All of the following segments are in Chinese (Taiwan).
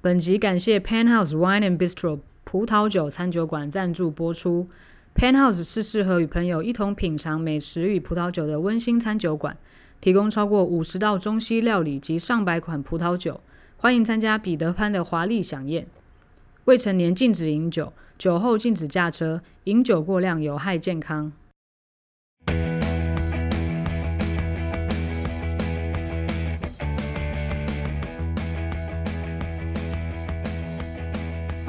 本集感謝 Pan House Wine and Bistro 葡萄酒餐酒館贊助播出。Pan House 是適合與朋友一同品嘗美食與葡萄酒的溫馨餐酒館，提供超過五十道中西料理及上百款葡萄酒，歡迎參加彼得潘的華麗饗宴。未成年禁止飲酒，酒後禁止駕車，飲酒過量有害健康。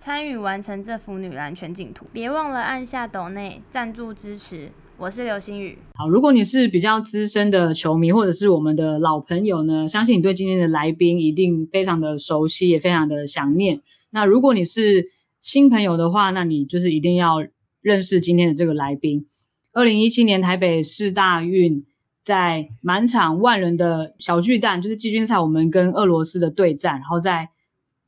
參與完成這幅女籃全景圖，別忘了按下抖內贊助支持。我是流星雨。好，如果你是比較資深的球迷，或者是我們的老朋友呢，相信你對今天的來賓一定非常的熟悉，也非常的想念。那如果你是新朋友的話，那你就是一定要認識今天的這個來賓。二零一七年台北世大運，在滿場萬人的小巨蛋，就是季軍賽，我們跟俄羅斯的對戰，然後在，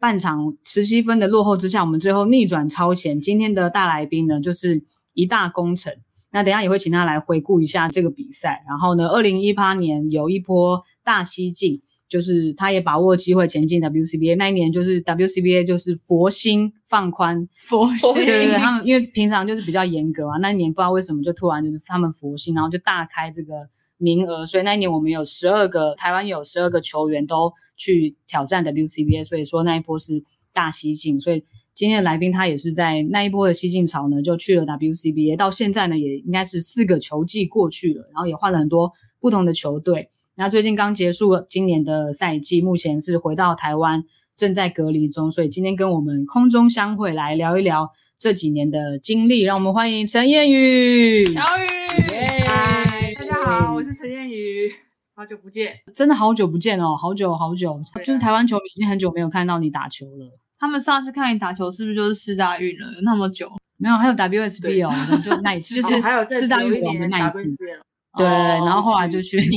半場十七分的落後之下，我們最後逆轉超前。今天的大來賓呢，就是一大功臣。那等一下也會請他來回顧一下這個比賽。然後呢，二零一八年有一波大西進，就是他也把握機會前進 WCBA。那一年就是 WCBA 就是佛心放寬，佛心對對對，他們因為平常就是比較嚴格嘛、啊，那一年不知道為什麼就突然就是他們佛心，然後就大開這個。名額，所以那一年我們有十二個台灣有十二個球員都去挑戰 WCBA，所以說那一波是大西進。所以今天的來賓，他也是在那一波的西進潮呢，就去了 WCBA。到現在呢，也應該是四個球季過去了，然後也換了很多不同的球隊。那最近剛結束今年的賽季，目前是回到台灣正在隔離中。所以今天跟我們空中相會來聊一聊這幾年的經歷，讓我們歡迎陳晏宇，小宇。就是陳晏宇，好久不見，真的好久不見哦，好久好久，啊、就是台灣球迷已經很久沒有看到你打球了。他們上次看你打球是不是就是世大運了？那麼久沒有，還有 WSB 哦，就耐 就是世、哦、大運裡面的耐、哦、對，然後後來就覺得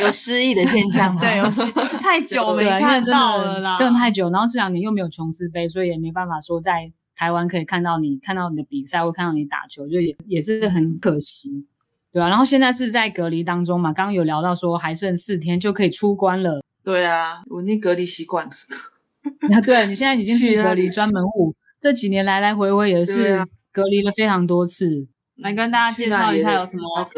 有失憶的現象嗎？ 對，有失 太久了 真 沒看到了啦，真的太久。然後這兩年又沒有瓊斯杯，所以也沒辦法說在台灣可以看到你，看到你的比賽會看到你打球，就也也是很可惜。對啊，然後現在是在隔離當中嘛，剛剛有聊到說還剩四天就可以出關了。對啊，我已經隔離習慣了。 對、啊，你現在已經是隔離專門戶，這幾年來來回回也是隔離了非常多次。啊、來跟大家介紹一下有什麼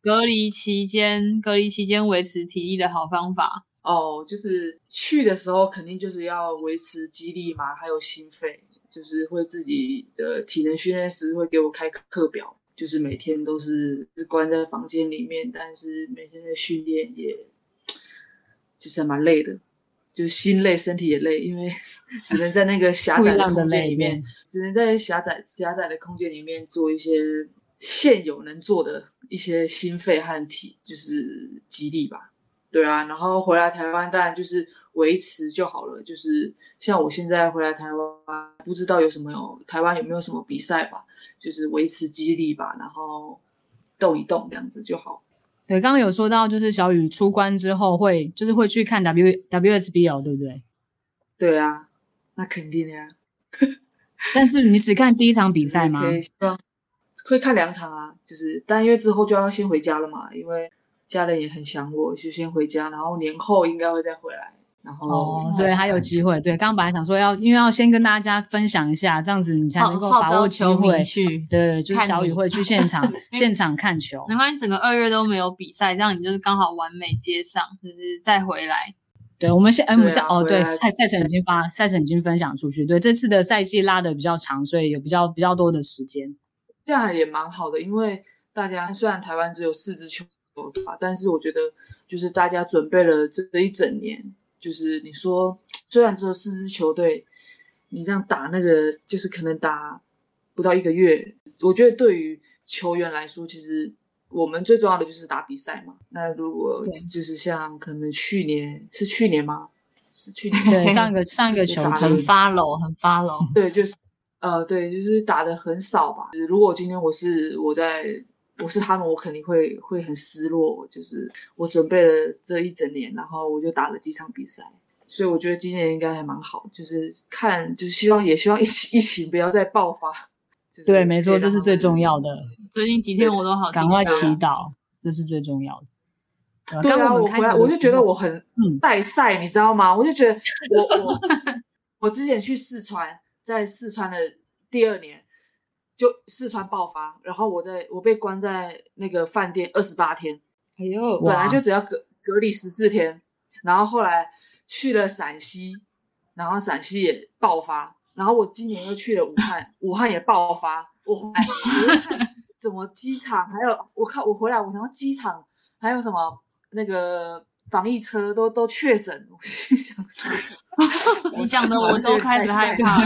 隔離期間隔離期間維持體力的好方法哦，就是去的時候肯定就是要維持肌力嘛，還有心肺，就是會自己的體能訓練師會給我開課表。就是每天都是是關在房間裡面，但是每天的訓練也，就是還蠻累的，就心累身體也累，因為只能在那個狹窄的空間裡面，只能在狹窄狹窄的空間裡面做一些現有能做的一些心肺和體，就是肌力吧。對啊，然後回來台灣當然就是維持就好了，就是像我現在回來台灣，不知道有什麼有台灣有沒有什麼比賽吧。就是維持激勵吧，然後動一動這樣子就好。對，剛剛有說到，就是小宇出關之後會，就是會去看 W、WSBL，對不對？對啊，那肯定的、啊、呀。 但是你只看第一場比賽嗎？ 可以、啊，可以看兩場啊。就是，但因為之後就要先回家了嘛，因為家人也很想我，就先回家。然後年後應該會再回來。然後哦，所以還有機會。對，剛剛本來想說要，因為要先跟大家分享一下，這樣子你才能夠把握機會去。對，就是、小宇會去現場， 現場看球。難怪你整個二月都沒有比賽，這樣你就是剛好完美接上，就是,是再回來。對，我們現，哎、欸，我們這哦，對，賽程已經發，賽程已經分享出去。對，這次的賽季拉的比較長，所以有比較比較多的時間，這樣也蠻好的。因為大家雖然台灣只有四支球隊，但是我覺得就是大家準備了這一整年。就是你說，雖然只有四支球隊，你這樣打那個，就是可能打不到一個月。我覺得對於球員來說，其實我們最重要的就是打比賽嘛。那如果就是像可能去年是去年嗎？是去年對 上一個上一個球很發冷，很發冷。對，就是呃，對，就是打得很少吧。如果今天我是我在。我是他們，我肯定會會很失落。就是我準備了這一整年，然後我就打了幾場比賽，所以我覺得今年應該還蠻好。就是看，就是希望也希望疫情疫情不要再爆發。就是、對，對，沒錯，這是最重要的。最近幾天我都好，趕快祈禱，這是最重要的。對，對，對，的對，對啊，啊，對啊剛我，我回來我就覺得我很帶賽、嗯，你知道嗎？我就覺得我 我我之前去四川，在四川的第二年。就四川爆發，然後我在我被關在那個飯店二十八天，哎呦，本來就只要隔隔離十四天，然後後來去了陝西，然後陝西也爆發，然後我今年又去了武漢， 武漢也爆發，我回來我怎麼機場還有？我看我回來，我想到機場還有什麼那個。防疫車都都確診，你 講的我都開始害怕，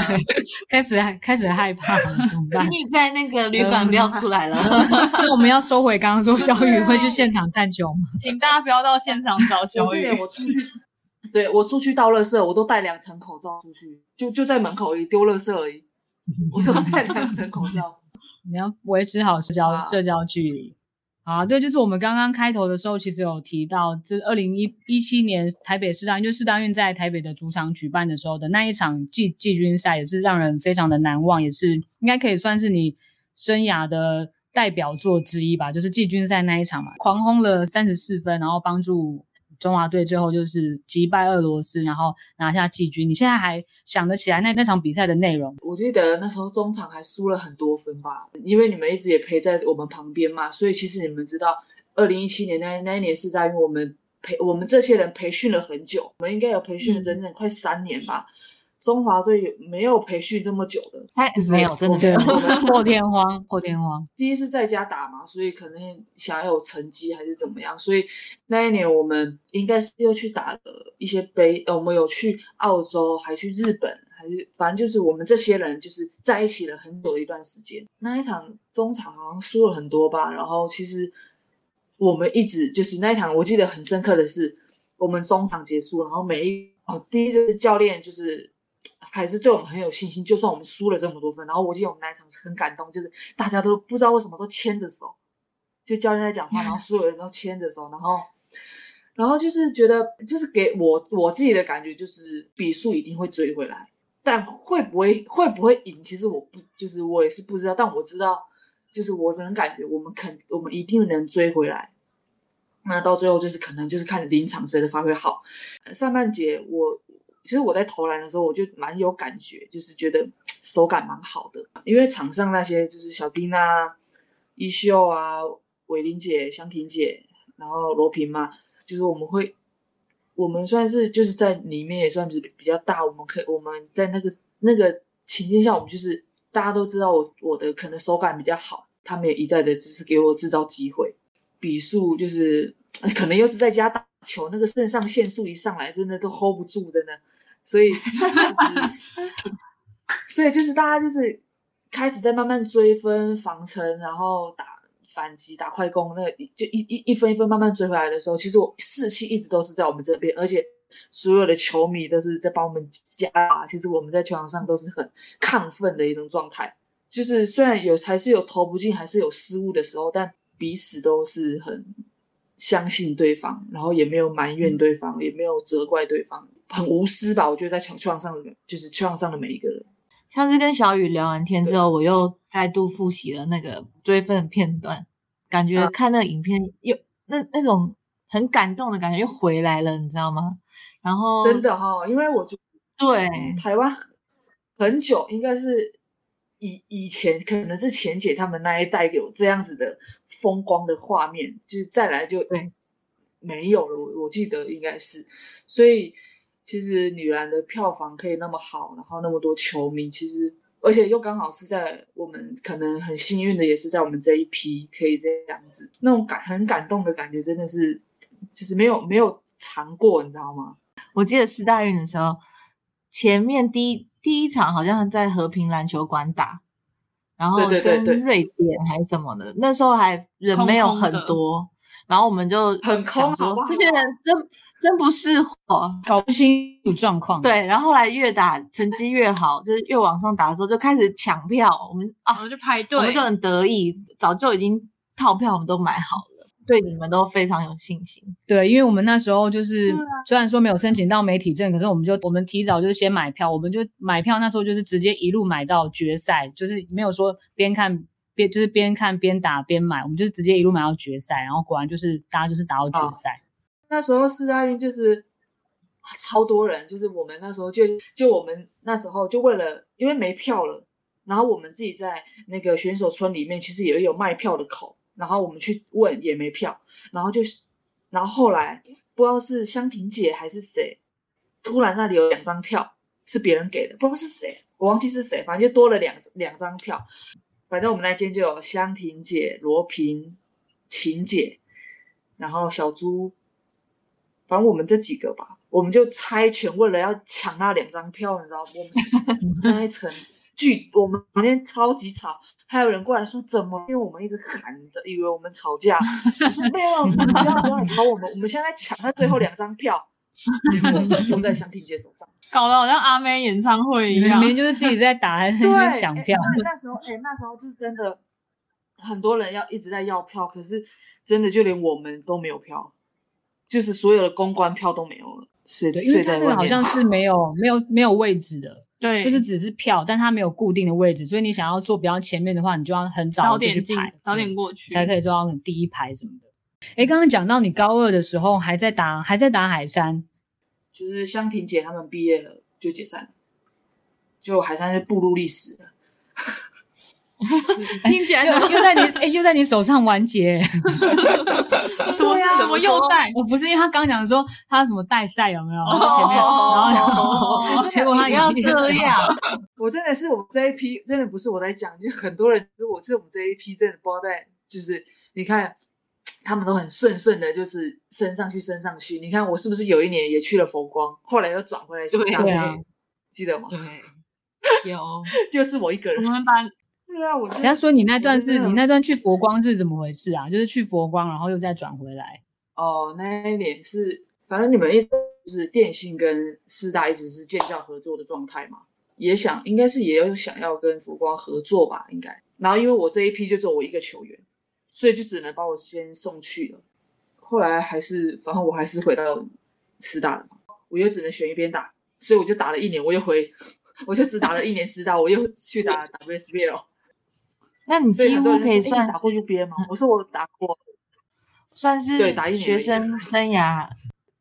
開始，害 開始害開始害怕了，怎麼辦？你在那個旅館不要出來了。 我們要收回剛剛說小雨會去現場探球嗎，啊？請大家不要到現場找小雨。 我，我出去，對我出去倒垃圾，我都戴兩層口罩出去，就就在門口而已，丟垃圾而已，我都戴兩層口罩。 你要維持好社交、wow. 社交距離。啊，對，就是我們剛剛開頭的時候，其實有提到，這二零一七年台北世大運，就世大運在台北的主場舉辦的時候的那一場季季軍賽，也是讓人非常的難忘，也是應該可以算是你生涯的代表作之一吧，就是季軍賽那一場嘛，狂轟了三十四分，然後幫助，中華隊最後就是擊敗俄羅斯，然後拿下季軍。你現在還想得起來那那場比賽的內容？我記得那時候中場還輸了很多分吧，因為你們一直也陪在我們旁邊嘛。所以其實你們知道，二零一七年那那一年是在於我們培我們這些人培訓了很久，我們應該有培訓了整整快三年吧。嗯中華隊有沒有培訓這麼久的？沒有，就是、真的破 天荒，破天荒。第一次在家打嘛，所以可能想要有成績還是怎麼樣。所以那一年我們應該是又去打了一些杯，我們有去澳洲，還去日本，還是反正就是我們這些人就是在一起了很久一段時間。那一場中場好像輸了很多吧，然後其實我們一直就是那一場，我記得很深刻的是，我們中場結束，然後每一哦，第一就是教練就是。還是對我們很有信心，就算我們輸了這麼多分，然後我記得我們那一場是很感動，就是大家都不知道為什麼都牽着手，就教練在講話，然後所有人都牽着手，然後，然後就是覺得就是給我我自己的感覺就是比數一定會追回來，但會不會會不會贏，其實我不就是我也是不知道，但我知道就是我能感覺我們肯我們一定能追回來，那到最後就是可能就是看臨場誰的發揮好，上半節我。其實我在投籃的時候，我就蠻有感覺，就是覺得手感蠻好的。因為場上那些就是小丁啊、一秀啊、偉玲姐、香婷姐，然後羅平嘛，就是我們會，我們算是就是在裡面也算是比較大，我們可以我們在那個那個情境下，我們就是大家都知道我我的可能手感比較好，他們也一再的就是給我製造機會。比數就是可能又是在家打球，那個腎上腺素一上來，真的都 hold 不住，真的。 所以、就是，所以就是大家就是開始在慢慢追分防城，然後打反擊打快攻，那個、就一一分一分慢慢追回來的時候，其實我士氣一直都是在我們這邊，而且所有的球迷都是在幫我們加，其實我們在球場上都是很亢奮的一種狀態，就是雖然有還是有投不進，還是有失誤的時候，但彼此都是很相信對方，然後也沒有埋怨對方，嗯、也沒有責怪對方。很無私吧？我覺得在球場上的，就是球場上的每一個人。上次跟小雨聊完天之後，我又再度複習了那個追分片段，感覺看那個影片又、啊、那那種很感動的感覺又回來了，你知道嗎？然後真的哈、哦，因為我就對台灣很久，應該是以以前可能是錢姐他們那一代有這樣子的風光的畫面，就是再來就沒有了。我我記得應該是，所以。其實女籃的票房可以那麼好，然後那麼多球迷，其實而且又剛好是在我們可能很幸運的，也是在我們這一批可以這樣子，那種感很感動的感覺，真的是，就是沒有沒有嚐過，你知道嗎？我記得世大運的時候，前面第一第一場好像在和平籃球館打，然後跟瑞典還是什麼的，對對對對，那時候還人沒有很多，空空，然後我們就很空，這些人真。真不適合，搞不清楚狀況。對，然後後來越打成績越好，就是越往上打的時候就開始搶票。我們啊，我們就排隊，我們就很得意，早就已經套票，我們都買好了。對，你們都非常有信心。對，因為我們那時候就是、啊、雖然說沒有申請到媒體證，可是我們就我們提早就是先買票，我們就買票那時候就是直接一路買到決賽，就是沒有說邊看邊就是邊看邊打邊買，我們就直接一路買到決賽。然後果然就是大家就是打到決賽。啊那時候世大運就是超多人，就是我們那時候就就我們那時候就為了因為沒票了，然後我們自己在那個選手村裡面其實也有賣票的口，然後我們去問也沒票，然後就然後後來不知道是香婷姐還是誰，突然那裡有兩張票是別人給的，不知道是誰，我忘記是誰，反正就多了兩兩張票，反正我們那間就有香婷姐、羅平、琴姐，然後小豬。反正我們這幾個吧，我們就猜拳，為了要搶那兩張票，你知道不？我們那一層巨，我們那天超級吵，還有人過來說怎麼？因為我們一直喊着，以為我們吵架。 我說沒有，不要不要吵我們， 我們現在搶那最後兩張票， 然後我們都在想聽接手賬，搞得好像阿妹演唱會一樣。明明就是自己在打 還在搶票對那、欸。那時候哎，那時候是真的，很多人要一直在要票，可是真的就連我們都沒有票。就是所有的公關票都沒有了，是的，因為那好像是沒有沒有沒有位置的，對，就是只是票，但它沒有固定的位置，所以你想要坐比較前面的話，你就要很早點去排，早點、嗯、早點過去才可以坐到第一排什麼的。哎，剛剛講到你高二的時候還在打還在打海山，就是香婷姐他們畢業了就解散了，就海山是步入歷史的 聽起來又在你、欸、又在你手上完結， 怎麼呀？怎麼又帶？啊、我，又 我不是因為他剛講說他什麼帶賽有沒有？哦哦哦！不、oh, oh, oh, oh, oh, 要這樣！我真的是我們這一批，真的不是我在講，就很多人，如果是我們這一批真的不知道，就是你看他們都很順順的，就是升上，上去，升上去。你看我是不是有一年也去了佛光，後來又轉回來？對啊，記得嗎？對，有， 就是我一個人，我們班。對啊，我人家說，你那段是你那段去佛光是怎麼回事啊？就是去佛光，然後又再轉回來。哦，那一年是，反正你們一直就是電信跟師大一直是建教合作的狀態嘛，也想應該是也有想要跟佛光合作吧，應該。然後因為我這一批就只有我一個球員，所以就只能把我先送去了。後來還是，反正我還是回到師大的嘛，我又只能選一邊打，所以我就打了一年，我又回，我就只打了一年師大，我又去打 WSBL 了那你幾乎可以算打過 UBA 嗎？我說我打過，算是學生生涯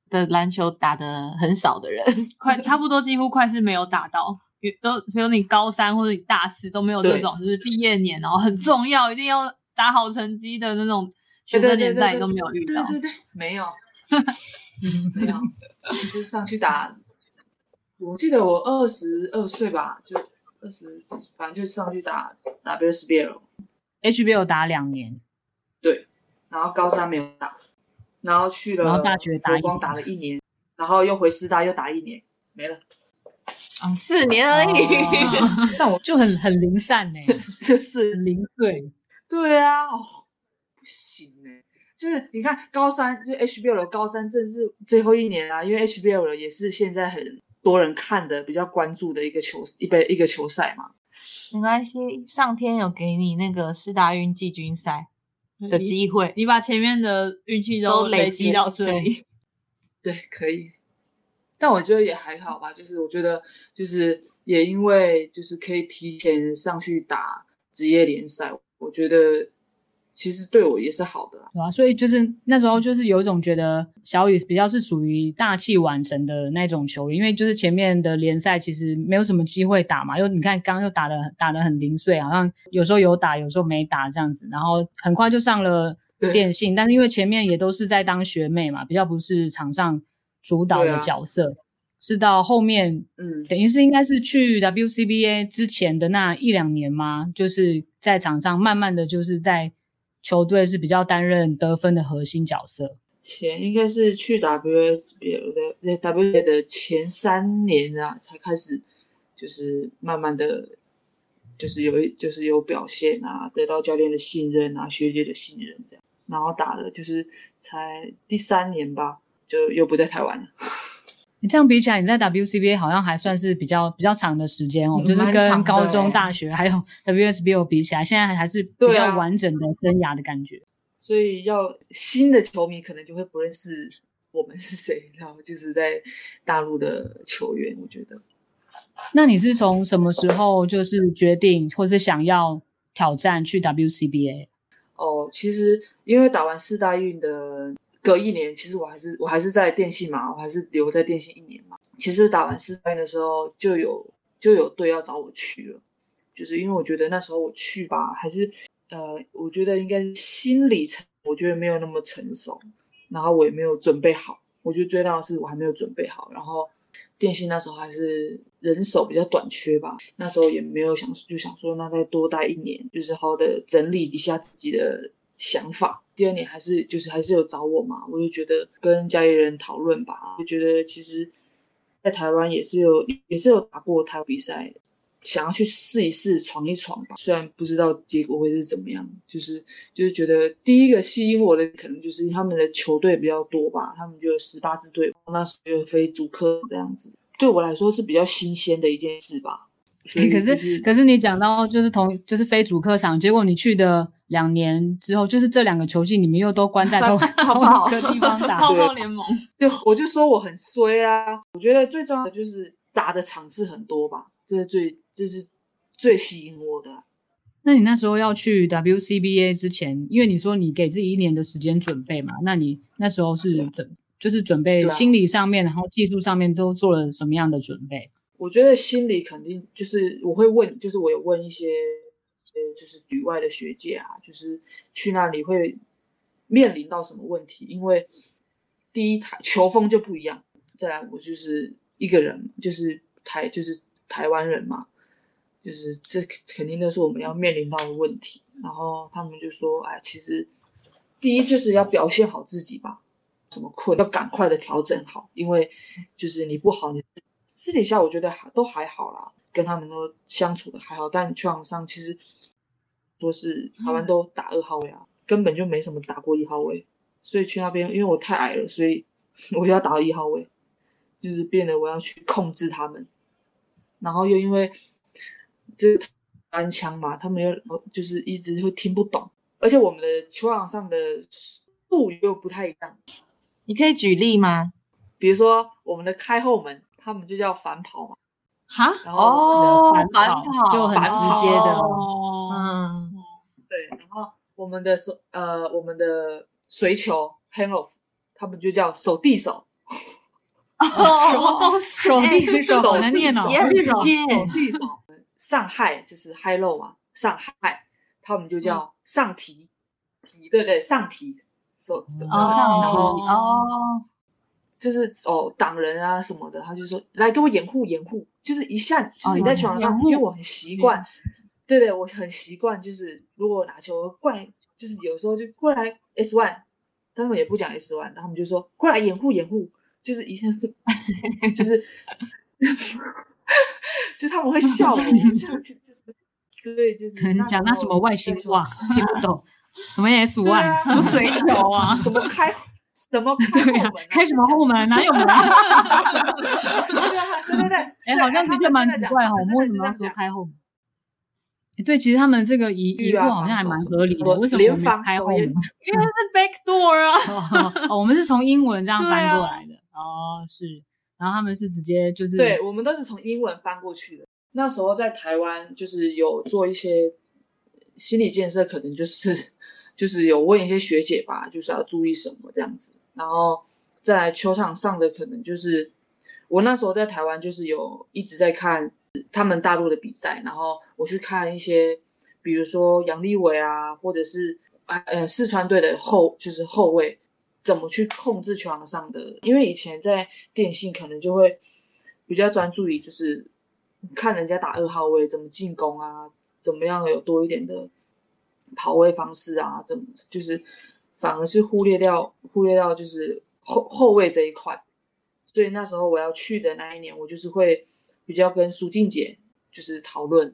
的籃球打得很少的人，快差不多幾乎快是沒有打到，都比如你高三或者你大四都沒有這種，就是畢業年然後很重要一定要打好成績的那種學生年代都沒有遇到，沒有，沒有，上去打。我記得我二十二歲吧就。二十幾，反正就上去打 WSBL，HBL 打兩年，對，然後高三沒有打，然後去了然後大學佛光打了一年，然後又回師大又打一年，沒了，啊、哦，四年而已，哦、 但我就很很零散呢、欸，就是零碎，對啊，哦、不行呢、欸，就是你看高三，就 HBL 的高三正是最後一年啊，因為 HBL 的也是現在很。多人看的比較關注的一個球，一杯一個球賽嘛。沒關係，上天有給你那個世大運季軍賽的機會，你，你把前面的運氣都累積到這裡，哦。對，可以。但我覺得也還好吧，就是我覺得，就是也因為就是可以提前上去打職業聯賽，我覺得。其實對我也是好的啦，對啊，所以就是那時候就是有一種覺得小宇比較是屬於大器晚成的那種球員，因為就是前面的聯賽其實沒有什麼機會打嘛，又你看剛剛又打的打的很零碎，好像有時候有打，有時候沒打這樣子，然後很快就上了電信，但是因為前面也都是在當學妹嘛，比較不是場上主導的角色，啊、是到後面，嗯，等於是應該是去 WCBA 之前的那一兩年嘛，就是在場上慢慢的就是在。球隊是比較擔任得分的核心角色，前應該是去打 WSBL 的，對 WSBL 的前三年啊，才開始就是慢慢的，就是有一就是有表現啊，得到教練的信任啊，學姐的信任這樣，然後打了就是才第三年吧，就又不在台灣了。你這樣比起來，你在 WCBA 好像還算是比較、嗯、比較長的時間哦，就是跟高中、大學還有 WSBL 比起來，現在還是比較完整的生涯的感覺。啊、所以，要新的球迷可能就會不認識我們是誰，然後就是在大陸的球員。我覺得，那你是從什麼時候就是決定或是想要挑戰去 WCBA？哦，其實因為打完世大運的。隔一年，其實我還是我還是在電信嘛，我還是留在電信一年嘛。其實打完四番的時候，就有就有隊要找我去了，就是因為我覺得那時候我去吧，還是呃，我覺得應該是心理層，我覺得沒有那麼成熟，然後我也沒有準備好。我覺得最大的是我還沒有準備好。然後電信那時候還是人手比較短缺吧，那時候也沒有想就想說那再多待一年，就是好好的整理一下自己的想法。第二年還是就是還是有找我嘛，我就覺得跟家裡人討論吧，就覺得其實，在台灣也是有也是有打過台比賽，想要去試一試闖一闖吧，雖然不知道結果會是怎麼樣，就是就是覺得第一個吸引我的可能就是他們的球隊比較多吧，他們就有十八支隊，那時候就非主客這樣子，對我來說是比較新鮮的一件事吧。就是、可是可是你講到就是同就是非主客場，結果你去的。兩年之後，就是這兩個球季，你們又都關在同 好個地方打。 泡泡聯盟，就我就說我很衰啊！我覺得最重要的就是打的場次很多吧，這、就是最這、就是最吸引我的、啊。那你那時候要去 WCBA 之前，因為你說你給自己一年的時間準備嘛，那你那時候是怎、啊、就是準備心理上面、啊，然後技術上面都做了什麼樣的準備？我覺得心理肯定就是我會問，就是我有問一些。呃，就是旅外的學姐啊，就是去那裡會面臨到什麼問題？因為第一，台球風就不一樣。再來，我就是一個人，就是台，就是台灣人嘛，就是這肯定都是我們要面臨到的問題。然後他們就說：“哎，其實第一就是要表現好自己吧，什麼困要趕快的調整好，因為就是你不好，你私底下我覺得還都還好啦，跟他們都相處的還好，但你去網上其實。”說是台灣都打二號位啊、嗯，根本就沒什麼打過一號位，所以去那邊，因為我太矮了，所以我就要打到一號位，就是變得我要去控制他們，然後又因為這個單槍嘛，他們又就是一直會聽不懂，而且我們的球場上的術語又不太一樣。你可以舉例嗎？比如說我們的開後門，他們就叫反跑嘛，哈，然後我們的反跑，哦，就很直接的，哦哦，嗯。對，然後我們的手，呃，我們的水球 handoff，他們就叫手遞手？手遞手，手遞手，手遞手。上嗨就是 high low 嘛，上嗨。他們就叫上提，提，對對？上提，手、哦，上提哦，就是哦，擋人啊什麼的，他就說來給我掩護掩護，就是一下，就是你在床上，因為我很習慣。對對，我很習慣，就是如果拿球過，就是有時候就過來 S one，他們也不講 S one，然後我們就說過來掩護掩護，就是一下子就是 就是他們會笑我，這 就是，所以就是那講那什麼外星話 聽不懂，什麼 S one，、啊、 什麼水球啊， 什麼開什麼開 對、啊、開什麼後門， 哪有門 對啊？對對對，欸、對哎對、啊，好像就的確蠻奇怪哦，為什麼要說開後門？對，其實他們這個疑疑惑好像還蠻合理的，為什麼沒有開會了？因為他是 back door 啊 、哦哦哦，我們是從英文這樣翻過來的、啊。哦，是。然後他們是直接就是，對，我們都是從英文翻過去的。那時候在台灣就是有做一些心理建設，可能就是就是有問一些學姐吧，就是要注意什麼這樣子。然後在球場上的可能就是，我那時候在台灣就是有一直在看。他們大陸的比賽，然後我去看一些，比如說楊力維啊，或者是啊呃四川隊的後就是後衛怎麼去控制球場上的，因為以前在電信可能就會比較專注於就是看人家打二號位怎麼進攻啊，怎麼樣有多一點的跑位方式啊，怎麼就是反而是忽略掉忽略掉就是後後衛這一塊，所以那時候我要去的那一年，我就是會。比較跟蘇靜姐就是討論，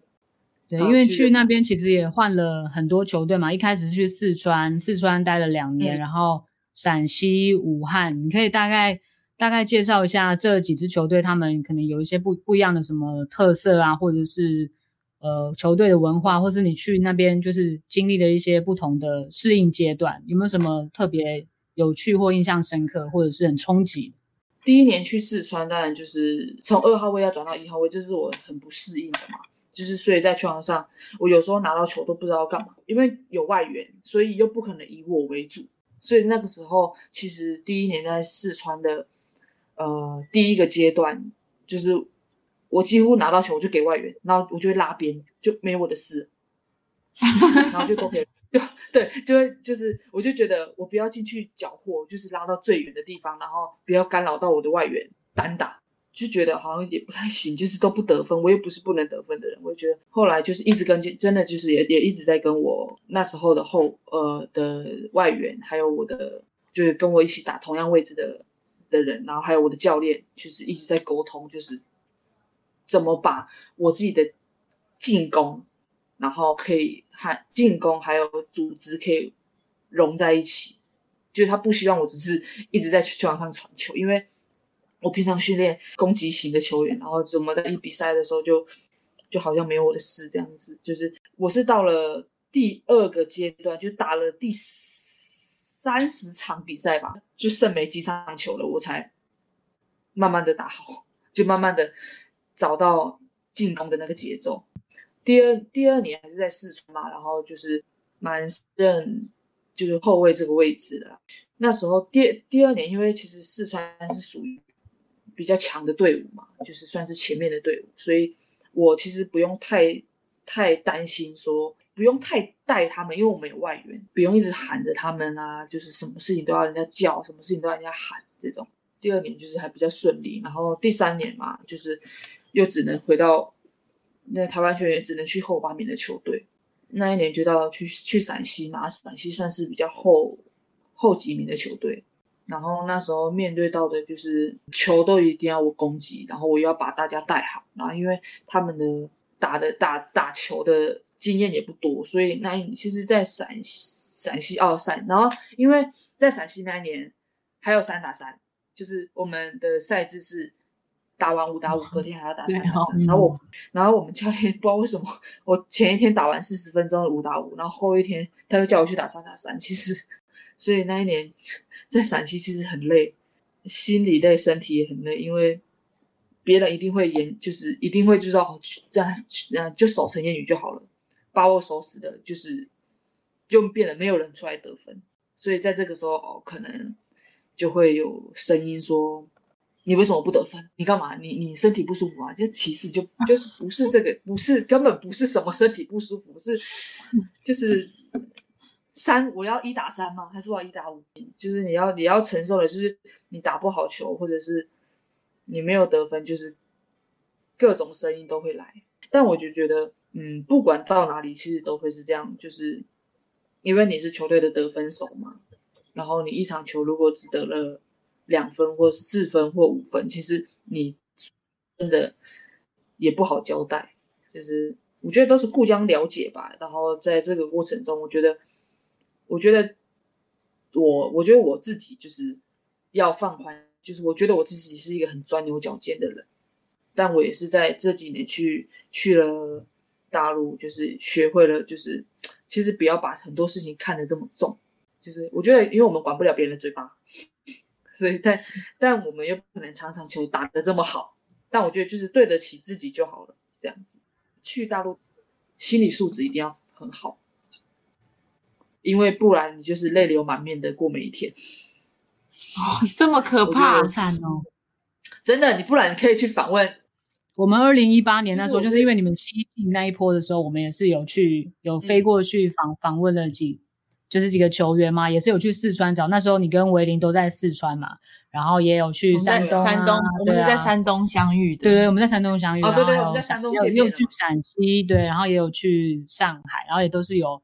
對，因為去那邊其實也換了很多球隊嘛。嗯、一開始是去四川，四川待了兩年，嗯、然後陝西、武漢，你可以大概大概介紹一下這幾支球隊，他們可能有一些不不一樣的什麼特色啊，或者是呃球隊的文化，或是你去那邊就是經歷的一些不同的適應階段，有沒有什麼特別有趣或印象深刻，或者是很衝擊？第一年去四川，當然就是從二號位要轉到一號位，這，就是我很不適應的嘛。就是所以在場上，我有時候拿到球都不知道幹嘛，因為有外援，所以又不可能以我為主。所以那個時候，其實第一年在四川的，呃，第一個階段就是我幾乎拿到球我就給外援，然後我就會拉邊，就沒我的事，然後就都給。對對，就會就是，我就覺得我不要進去攪和，就是拉到最遠的地方，然後不要干擾到我的外援單打，就覺得好像也不太行，就是都不得分，我又不是不能得分的人。我就覺得後來就是一直跟進，真的就是也也一直在跟我那時候的後呃的外援，還有我的就是跟我一起打同樣位置的的人，然後還有我的教練，就是一直在溝通，就是怎麼把我自己的進攻。然後可以和進攻還有組織可以融在一起，就他不希望我只是一直在球場上傳球，因為我平常訓練攻擊型的球員，然後怎麼在一比賽的時候就就好像沒有我的事這樣子，就是我是到了第二個階段，就打了第三十場比賽吧，就剩沒幾場球了，我才慢慢的打好，就慢慢的找到進攻的那個節奏。第二第二年還是在四川嘛，然後就是蠻認就是後衛這個位置的啦。那時候第二第二年，因為其實四川是屬於比較強的隊伍嘛，就是算是前面的隊伍，所以我其實不用太太擔心說，說不用太帶他們，因為我們有外援，不用一直喊着他們啊，就是什麼事情都要人家叫，什麼事情都要人家喊這種。第二年就是還比較順利，然後第三年嘛，就是又只能回到。那台灣球員只能去後八名的球隊，那一年就到去去陝西嘛，陝西算是比較後後幾名的球隊。然後那時候面對到的就是球都一定要我攻擊，然後我要把大家帶好。然後因為他們的打的打打球的經驗也不多，所以那其實在，在陝陝西奧賽，然後因為在陝西那一年還有三打三，就是我們的賽制是。打完五打五，隔天還要打三打三。然後我、嗯，然後我們教練不知道為什麼，我前一天打完四十分鐘的五打五，然後後一天他又叫我去打三打三。其實，所以那一年在陝西其實很累，心理累，身體也很累，因為別人一定會演，就是一定會知道讓讓就守陳晏宇就好了，把我守死的，就是就變得沒有人出來得分。所以在這個時候，哦，可能就會有聲音說。你為什麼不得分？你幹嘛？你你身體不舒服啊？就其實就就是不是這個，不是根本不是什麼身體不舒服，是就是三我要一打三嗎？還是我要一打五？就是你要你要承受的就是你打不好球，或者是你沒有得分，就是各種聲音都會來。但我就覺得，嗯，不管到哪裡，其實都會是這樣，就是因為你是球隊的得分手嘛。然後你一場球如果只得了，兩分或四分或五分，其實你真的也不好交代。就是我覺得都是互相了解吧。然後在這個過程中，我覺得，我覺得我我覺得我自己就是要放寬。就是我覺得我自己是一個很鑽牛角尖的人，但我也是在這幾年去去了大陸，就是學會了，就是其實不要把很多事情看得這麼重。就是我覺得，因為我們管不了別人的嘴巴。所以但，但但我們又不可能場場球打得這麼好。但我覺得就是對得起自己就好了。這樣子。去大陸，心理素質一定要很好，因為不然你就是淚流滿面的過每一天。哦，這麼可怕！哦、真的，你不然你可以去訪問。我們二零一八年那時候，就是、就是、因為你們那一波的時候，我們也是有去有飛過去訪訪、嗯、問了幾。就是幾個球員嘛，也是有去四川找。那時候你跟維林都在四川嘛，然後也有去山東。山東，我們在山東、啊、是在山東相遇的。對，對對，我們在山東相遇。哦，對對，對，我們在山東。又又去陝西、嗯，對，然後也有去上海，然後也都是有，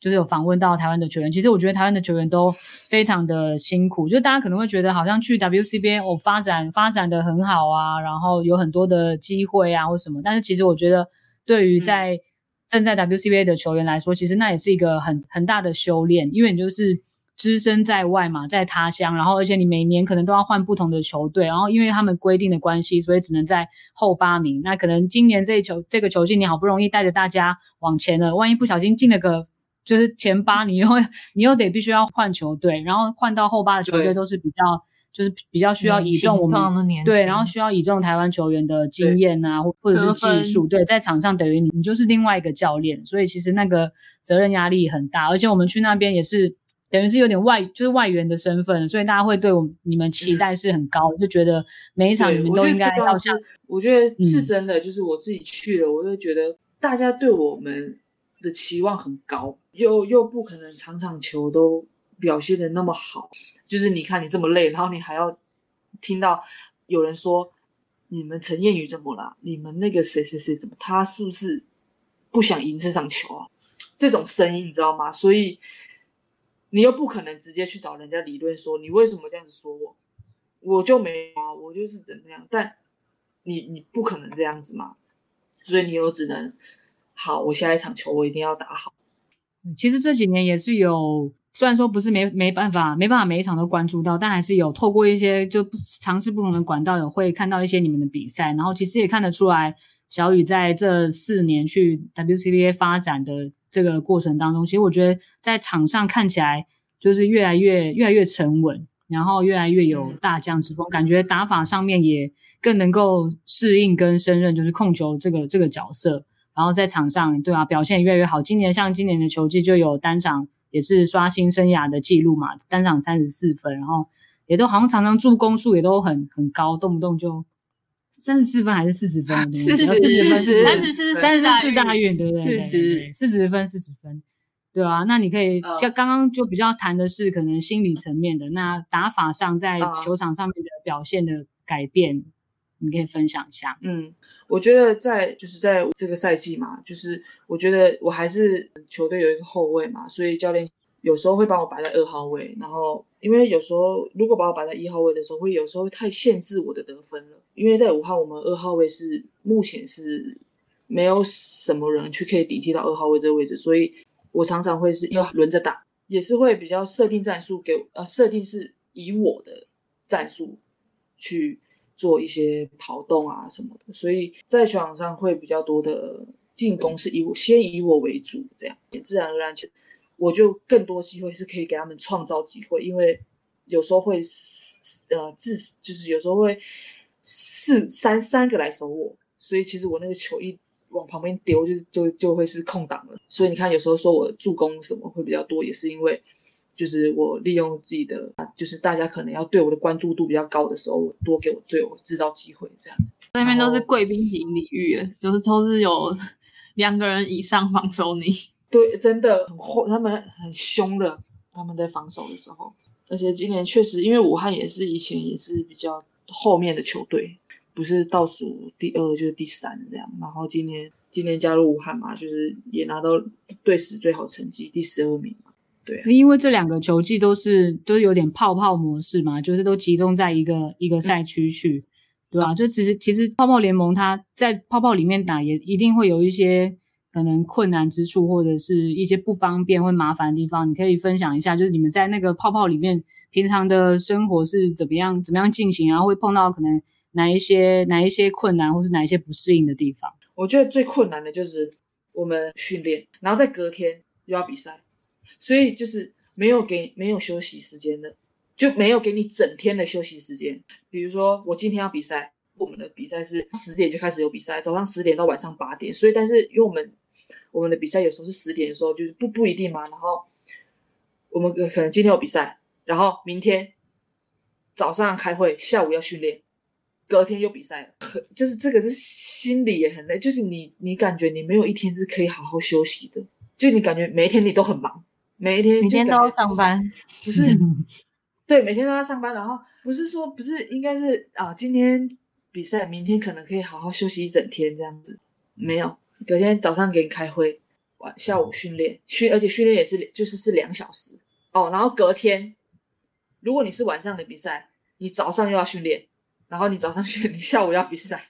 就是有訪問到台灣的球員。其實我覺得台灣的球員都非常的辛苦。就大家可能會覺得好像去 WCBA、哦、發展發展得很好啊，然後有很多的機會啊或什麼。但是其實我覺得對於在、嗯站在 WCBA 的球員來說，其實那也是一個很很大的修煉，因為你就是只身在外嘛，在他鄉，然後而且你每年可能都要換不同的球隊，然後因為他們規定的關係，所以只能在後八名。那可能今年這一球這個球季，你好不容易帶着大家往前了，萬一不小心進了個就是前八，你又你又得必須要換球隊，然後換到後八的球隊都是比較。就是比較需要倚重我們對，然後需要倚重台灣球員的經驗啊，或或者是技術。對，在場上等於你你就是另外一個教練，所以其實那個責任壓力很大。而且我們去那邊也是等於是有點外，就是外援的身份，所以大家會對我們你們期待是很高，就覺得每一場你們都應該要像、嗯、我,我覺得是真的，就是我自己去了，我就覺得大家對我們的期望很高，又又不可能場場球都。表現的那麼好，就是你看你這麼累，然後你還要聽到有人說你們陳晏宇怎麼了？你們那個誰誰誰怎麼？他是不是不想贏這場球啊？這種聲音你知道嗎？所以你又不可能直接去找人家理論說你為什麼這樣子說我，我就沒有，啊，我就是怎麼樣？但你你不可能這樣子嘛，所以你又只能好，我下一場球我一定要打好。其實這幾年也是有。雖然說不是沒沒辦法沒辦法每一場都關注到，但還是有透過一些就嘗試不同的管道，有會看到一些你們的比賽。然後其實也看得出來，小宇在這四年去 WCBA 發展的這個過程當中，其實我覺得在場上看起來就是越來越越來越沉穩，然後越來越有大將之風，感覺打法上面也更能夠適應跟勝任就是控球這個這個角色。然後在場上對吧、啊，表現也越來越好。今年像今年的球季就有單場。也是刷新生涯的記錄嘛，單場三十四分，然後也都好像常常助攻數也都很很高，動不動就三十四分還是四十分？四十四十四三十四三十四大運，對不對？四十，四十分，四十分，四十分，對啊，那你可以，就剛剛就比較談的是可能心理層面的，那打法上在球場上面的表現的改變。你可以分享一下，嗯，我覺得在就是在這個賽季嘛，就是我覺得我還是球隊有一個後衛嘛，所以教練有時候會幫我擺在二號位，然後因為有時候如果把我擺在一號位的時候，會有時候會太限制我的得分了，因為在武漢我們二號位是目前是沒有什麼人去可以頂替到二號位這個位置，所以我常常會是要輪着打，也是會比較設定戰術給呃、啊、設定是以我的戰術去。做一些跑動啊什麼的，所以在球場上會比較多的進攻是以我，先以我為主，這樣自然而然，我就更多機會是可以給他們創造機會，因為有時候會呃自就是有時候會四、三、三個來守我，所以其實我那個球一往旁邊丟，就就就會是空檔了，所以你看有時候說我助攻什麼會比較多，也是因為。就是我利用自己的，就是大家可能要對我的關注度比較高的時候，我多給我隊友制造機會，這，這樣。那邊都是貴賓型領域，就是都是有兩個人以上防守你。對，真的很厚，他們很凶的，他們在防守的時候。而且今年確實，因為武漢也是以前也是比較後面的球隊，不是倒數第二就是第三這樣。然後今年今年加入武漢嘛，就是也拿到隊史最好成績，第十二名嘛。對，因為這兩個球季都是都、就是有點泡泡模式嘛，就是都集中在一個一個賽區去、嗯，對吧？就其實其實泡泡聯盟它在泡泡裡面打，也一定會有一些可能困難之處或者是一些不方便或麻煩的地方。你可以分享一下，就是你們在那個泡泡裡面平常的生活是怎麼樣、怎麼樣進行，然後會碰到可能哪一些哪一些困難，或是哪一些不適應的地方？我覺得最困難的就是我們訓練，然後在隔天又要比賽。所以就是沒有給沒有休息時間的，就沒有給你整天的休息時間。比如說我今天要比賽，我們的比賽是十點就開始有比賽，早上十點到晚上八點。所以，但是因為我們我們的比賽有時候是十點的時候，就是不不一定嘛。然後我們可能今天有比賽，然後明天早上開會，下午要訓練，隔天又比賽了，就是這個是心理也很累。就是你你感覺你沒有一天是可以好好休息的，就你感覺每一天你都很忙。每一天每天都要上班，不是、嗯，對，每天都要上班。然後不是說不是，應該是啊，今天比賽，明天可能可以好好休息一整天這樣子。沒有，隔天早上給你開會，晚下午訓練訓，而且訓練也是就是是兩小時哦。然後隔天，如果你是晚上的比賽，你早上又要訓練，然後你早上訓，你下午要比賽，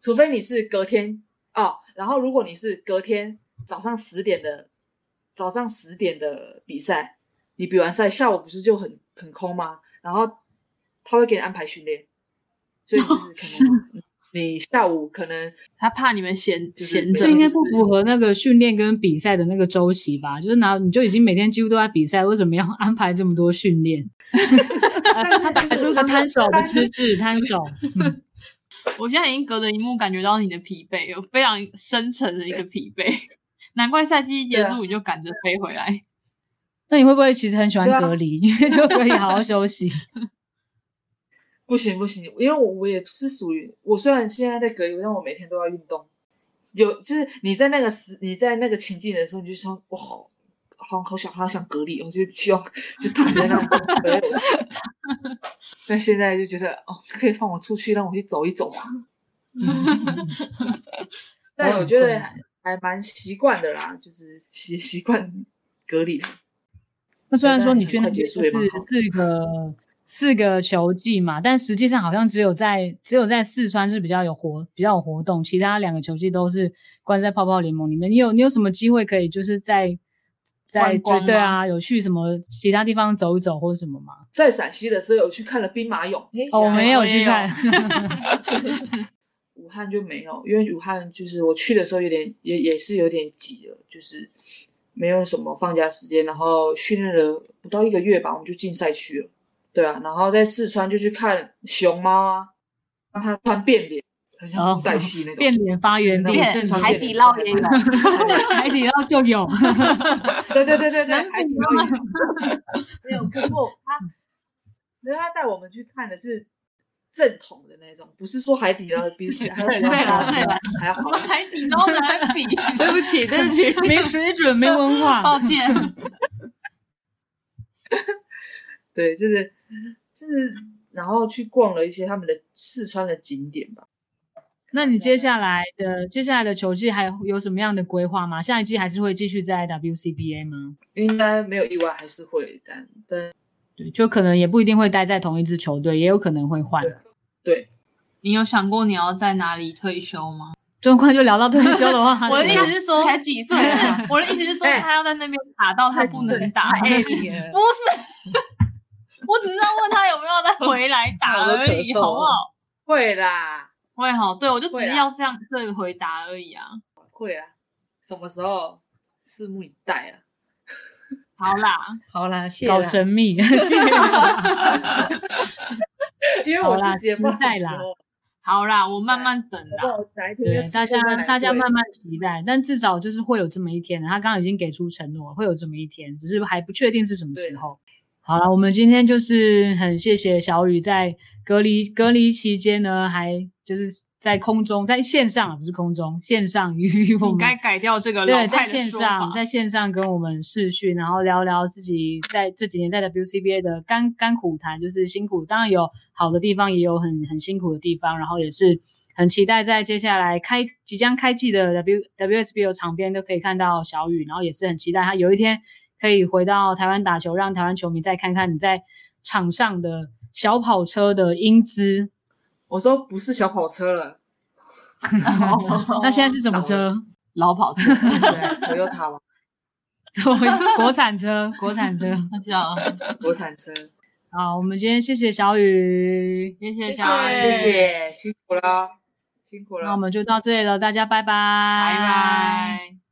除非你是隔天哦。然後如果你是隔天早上十點的。早上十點的比賽，你比完賽，下午不是就很很空嗎？然後他會給你安排訓練，所以就是可能、oh. 嗯、你下午可能他怕你們閒閒着。這、就是、應該不符合那個訓練跟比賽的那個週期吧？就是拿你就已經每天幾乎都在比賽，為什麼要安排這麼多訓練？他擺出個攤手的姿勢，攤手、 嗯。我現在已經隔着螢幕感覺到你的疲憊，有非常深沉的一個疲憊。 難怪賽季一結束，你就趕着飛回來。那、啊、你會不會其實很喜歡隔離，因為就可以好好休息？ 不行不行，因為我我也不是屬於，我雖然現在在隔離，但我每天都要運動。有就是你在那個時，你在那個情境的時候，你就說我、哦、好好好想好想隔離，我就希望就躺在那。 但現在就覺得哦，可以放我出去，讓我去走一走。 但我覺得。還蠻習慣的啦，就是習習慣隔離。那雖然說你去了，是四個 四個球季嘛，但實際上好像只有在只有在四川是比較有活比較有活動，其他兩個球季都是關在泡泡聯盟裡面。你有你有什麼機會可以就是在在對啊，有去什麼其他地方走一走或者什麼嗎？在陝西的時候，有去看了兵馬俑。我、欸哦、沒有去看。哎武漢就沒有，因為武漢就是我去的時候有點也也是有點急了，就是沒有什麼放假時間，然後訓練了不到一個月吧，我們就進賽區了，對啊，然後在四川就去看熊貓，讓他穿變臉，很像古代戲那種變、哦、臉發源、就是、那海底撈也有。海底撈就有， 就有 對對對對對，海底撈 沒有看過他，他帶我們去看的是。正統的那種，不是說海底撈比海底撈還、， 啊啊啊、還好。海底撈的還比， 對不起，對不起，沒水準， 沒文化，抱歉。 對，就是就是，然後去逛了一些他們的四川的景點吧。那你接下來的、嗯、接下來的球季還有有什麼樣的規劃嗎？下一季還是會繼續在 WCBA 嗎？應該沒有意外，還是會，但但。對，就可能也不一定會待在同一支球隊，也有可能會換。對，對你有想過你要在哪裡退休嗎？這麼快就聊到退休的話， 我的意思是說，才幾歲？ 我的意思是說，他要在那邊打到他不能打， 哎，不是，哎 不是哎、 我只是要問他有沒有再回來打而已， 好不好？會啦，會好，對，我就只是要這樣這個回答而已啊。會啊，什麼時候？拭目以待啊。好啦，好啦，謝謝。好神秘， 謝謝了啦。 因為我自己不在啦。啦，好啦，我慢慢等啦。對，大家，大家慢慢期待，但至少就是會有這麼一天的。他剛剛已經給出承諾，會有這麼一天，只是還不確定是什麼時候。好了，我們今天就是很謝謝小宇在隔離隔離期間呢，還就是。在空中，在線上不是空中，線上與我們，你該改掉這個老派的說法。對，在線上，在線上跟我們視訊，然後聊聊自己在這幾年在 WCBA 的甘甘苦談，就是辛苦。當然有好的地方，也有很很辛苦的地方。然後也是很期待在接下來開即將開季的 W WSBL 的場邊都可以看到小宇。然後也是很期待他有一天可以回到台灣打球，讓台灣球迷再看看你在場上的小跑車的英姿。我說不是小跑車了、 啊，那現在是什麼車？老跑車 ，我 國產車，國產車，好，國產車。好，我們今天謝謝小宇，謝謝小宇謝謝，謝謝，辛苦了，辛苦了。那我們就到這裡了，大家拜拜，拜拜。